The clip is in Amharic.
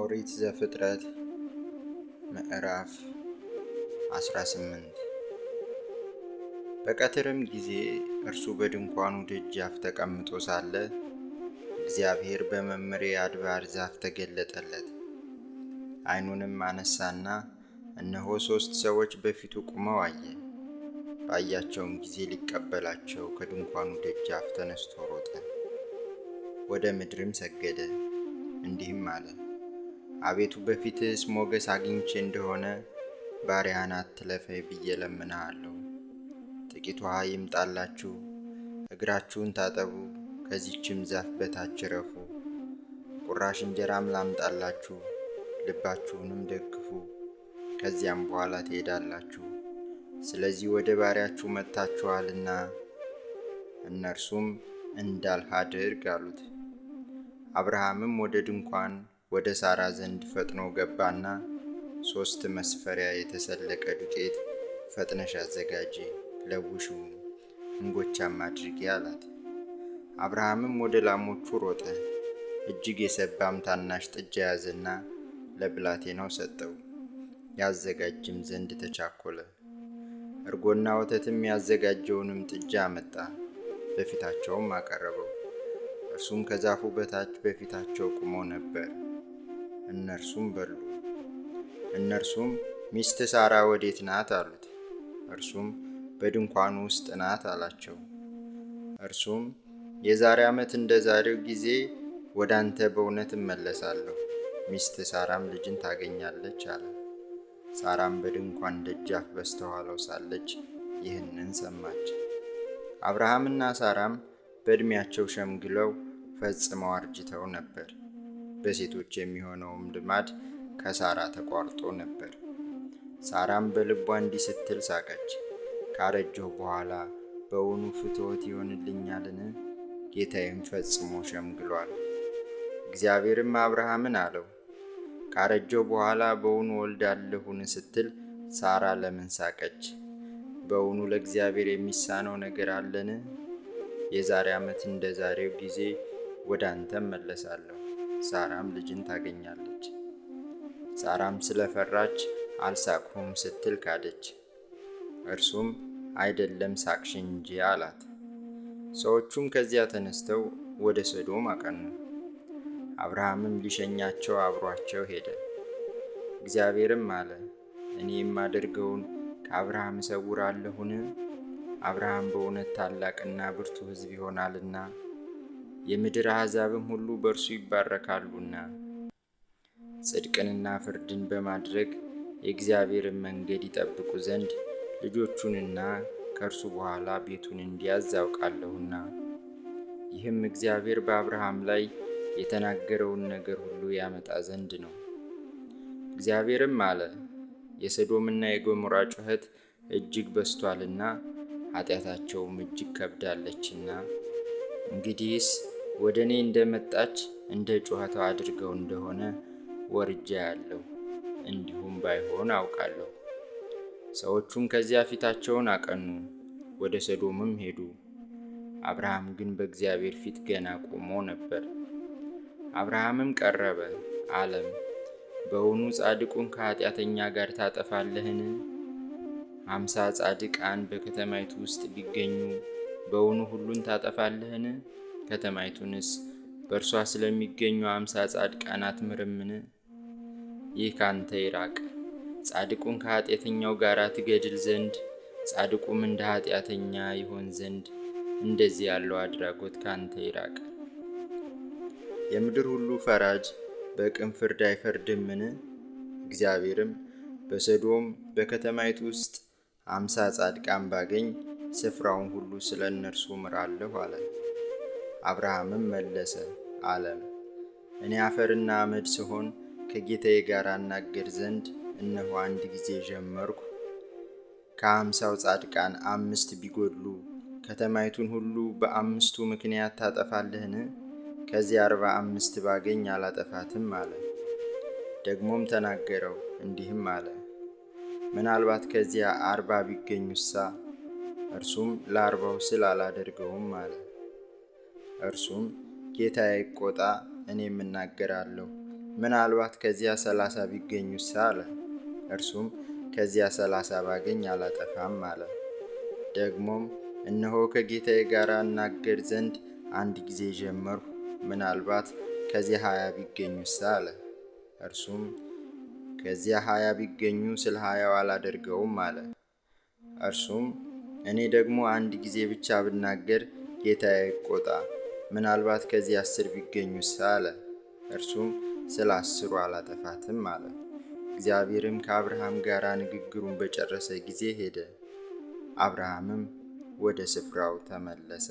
ኦሪት ዘፍጥረት ምዕራፍ 18 በቀትርም ጊዜ እርሱ በድንኳኑ ደጃፍ ተቀምጦ ሳለ እግዚአብሔር በመምሬ አድባር ዛፍ ተገለጠለት። ዓይኑንም አነሳና እነሆ ሦስት ሰዎች በፊቱ ቁመው አየ። ባያቸውም ጊዜ ሊቀበላቸው ከድንኳኑ ደጃፍ ተነስቶ ሮጠ፣ ወደ ምድርም ሰገደ፣ እንዲህም አለ፦ አቤቱ በፊትስ ሞገስ አግኝቼ እንደሆነ ባሪያን አትለፈኝ ብዬ ለምናሃለሁ። ጥቂት ውሃ ይምጣላችሁ፣ እግራችሁን ታጠቡ፣ ከዚችም ዛፍ በታች ረፉ። ቁራሽ እንጀራም ላምጣላችሁ፣ ልባችሁንም ደግፉ፣ ከዚያም በኋላ ትሄዳላችሁ። ስለዚህ ወደ ባሪያችሁ መጥታችኋልና። እነርሱም እንዳልህ አድርግ አሉት። አብርሃምም ወደ ድንኳን ወደ ሳራ ዘንድ ፈጥኖ ገባና ሶስት መስፈሪያ የተሰለቀ ዱቄት ፈጥነሽ አዘጋጂ፣ ለውሹ እንጎቻም አድርጊ አላት። አብርሃምም ወደ ላሞቹ ሮጠ፣ እጅግ የሰባም ታናሽ ጥጃ ያዘና ለብላቴናው ሰጠው፣ ያዘጋጅም ዘንድ ተቻኮለ። እርጎና ወተትም ያዘጋጀውንም ጥጃ አመጣ፣ በፊታቸውም አቀረበው። እርሱም ከዛፉ በታች በፊታቸው ቁሞ ነበር። እነርሱም በሉ። እነርሱም ሚስት ሳራ ወዴት ናት አሉት። እርሱም በድንኳኑ ውስጥ ናት አላቸው። እርሱም የዛሬ ዓመት እንደ ዛሬው ጊዜ ወደ አንተ በእውነት እመለሳለሁ፣ ሚስት ሳራም ልጅን ታገኛለች አለ። ሳራም በድንኳን ደጃፍ በስተኋላው ሳለች ይህንን ሰማች። አብርሃምና ሳራም በዕድሜያቸው ሸምግለው ፈጽመው አርጅተው ነበር። በሴቶች የሚሆነውም ልማድ ከሳራ ተቋርጦ ነበር። ሳራም በልቧ እንዲህ ስትል ሳቀች። ካረጀሁ በኋላ በውኑ ፍትወት ይሆንልኛልን? ጌታዬም ፈጽሞ ሸምግሏል። እግዚአብሔርም አብርሃምን አለው፣ ካረጀሁ በኋላ በውኑ ወልዳለሁን ስትል ሳራ ለምን ሳቀች? በውኑ ለእግዚአብሔር የሚሳነው ነገር አለን? የዛሬ ዓመት እንደ ዛሬው ጊዜ ወደ አንተ መለሳለሁ። ሳራም ልጅን ታገኛለች። ሳራም ስለፈራች አልሳቅሁም ስትል ካደች። እርሱም አይደለም ሳቅሽ እንጂ አላት። ሰዎቹም ከዚያ ተነስተው ወደ ሰዶም አቀኑ። አብርሃምም ሊሸኛቸው አብሯቸው ሄደ። እግዚአብሔርም አለ፣ እኔ የማደርገውን ከአብርሃም እሰውራለሁን? አብርሃም በእውነት ታላቅና ብርቱ ሕዝብ ይሆናልና የምድር አሕዛብም ሁሉ በእርሱ ይባረካሉና ጽድቅንና ፍርድን በማድረግ የእግዚአብሔርን መንገድ ይጠብቁ ዘንድ ልጆቹንና ከእርሱ በኋላ ቤቱን እንዲያዝ አውቃለሁና ይህም እግዚአብሔር በአብርሃም ላይ የተናገረውን ነገር ሁሉ ያመጣ ዘንድ ነው። እግዚአብሔርም አለ፣ የሰዶምና የገሞራ ጩኸት እጅግ በስቷልና ኃጢአታቸውም እጅግ ከብዳለችና እንግዲህስ ወደ እኔ እንደመጣች እንደ ጩኸቷ አድርገው እንደሆነ ወርጃ ያለው እንዲሁም ባይሆን አውቃለሁ። ሰዎቹም ከዚያ ፊታቸውን አቀኑ፣ ወደ ሰዶምም ሄዱ። አብርሃም ግን በእግዚአብሔር ፊት ገና ቆሞ ነበር። አብርሃምም ቀረበ አለም፣ በውኑ ጻድቁን ከኃጢአተኛ ጋር ታጠፋለህን? አምሳ ጻድቃን በከተማይቱ ውስጥ ቢገኙ በውኑ ሁሉን ታጠፋለህን? ከተማይቱንስ በእርሷ ስለሚገኙ አምሳ ጻድቃናት ምርምን? ይህ ካንተ ይራቅ። ጻድቁን ከኃጢአተኛው ጋር ትገድል ዘንድ ጻድቁም እንደ ኃጢአተኛ ይሆን ዘንድ እንደዚህ ያለው አድራጎት ካንተ ይራቅ። የምድር ሁሉ ፈራጅ በቅን ፍርድ አይፈርድምን? እግዚአብሔርም በሰዶም በከተማይቱ ውስጥ አምሳ ጻድቃን ባገኝ ስፍራውን ሁሉ ስለ እነርሱ ምራለሁ አላት። አብርሃምም መለሰ አለም፣ እኔ አፈርና አመድ ስሆን ከጌታዬ ጋር አናገር ዘንድ እነሆ አንድ ጊዜ ጀመርኩ። ከአምሳው ጻድቃን አምስት ቢጎድሉ ከተማይቱን ሁሉ በአምስቱ ምክንያት ታጠፋለህን? ከዚህ አርባ አምስት ባገኝ አላጠፋትም አለ። ደግሞም ተናገረው እንዲህም አለ፣ ምናልባት ከዚያ አርባ ቢገኙሳ? እርሱም ለአርባው ስል አላደርገውም አለ። እርሱም ጌታ ይቆጣ፣ እኔ የምናገራለሁ ምናልባት ከዚያ ሰላሳ ቢገኙሳ አለ። እርሱም ከዚያ ሰላሳ ባገኝ አላጠፋም አለ። ደግሞም እነሆ ከጌታዬ ጋር እናገድ ዘንድ አንድ ጊዜ ጀመርሁ፣ ምናልባት ከዚያ ሀያ ቢገኙሳ አለ። እርሱም ከዚያ ሀያ ቢገኙ ስለ ሀያው አላደርገውም አለ። እርሱም እኔ ደግሞ አንድ ጊዜ ብቻ ብናገር ጌታዬ ይቆጣ ምናልባት ከዚህ አስር ቢገኙስ አለ። እርሱም ስለ አስሩ አላጠፋትም አለ። እግዚአብሔርም ከአብርሃም ጋር ንግግሩን በጨረሰ ጊዜ ሄደ። አብርሃምም ወደ ስፍራው ተመለሰ።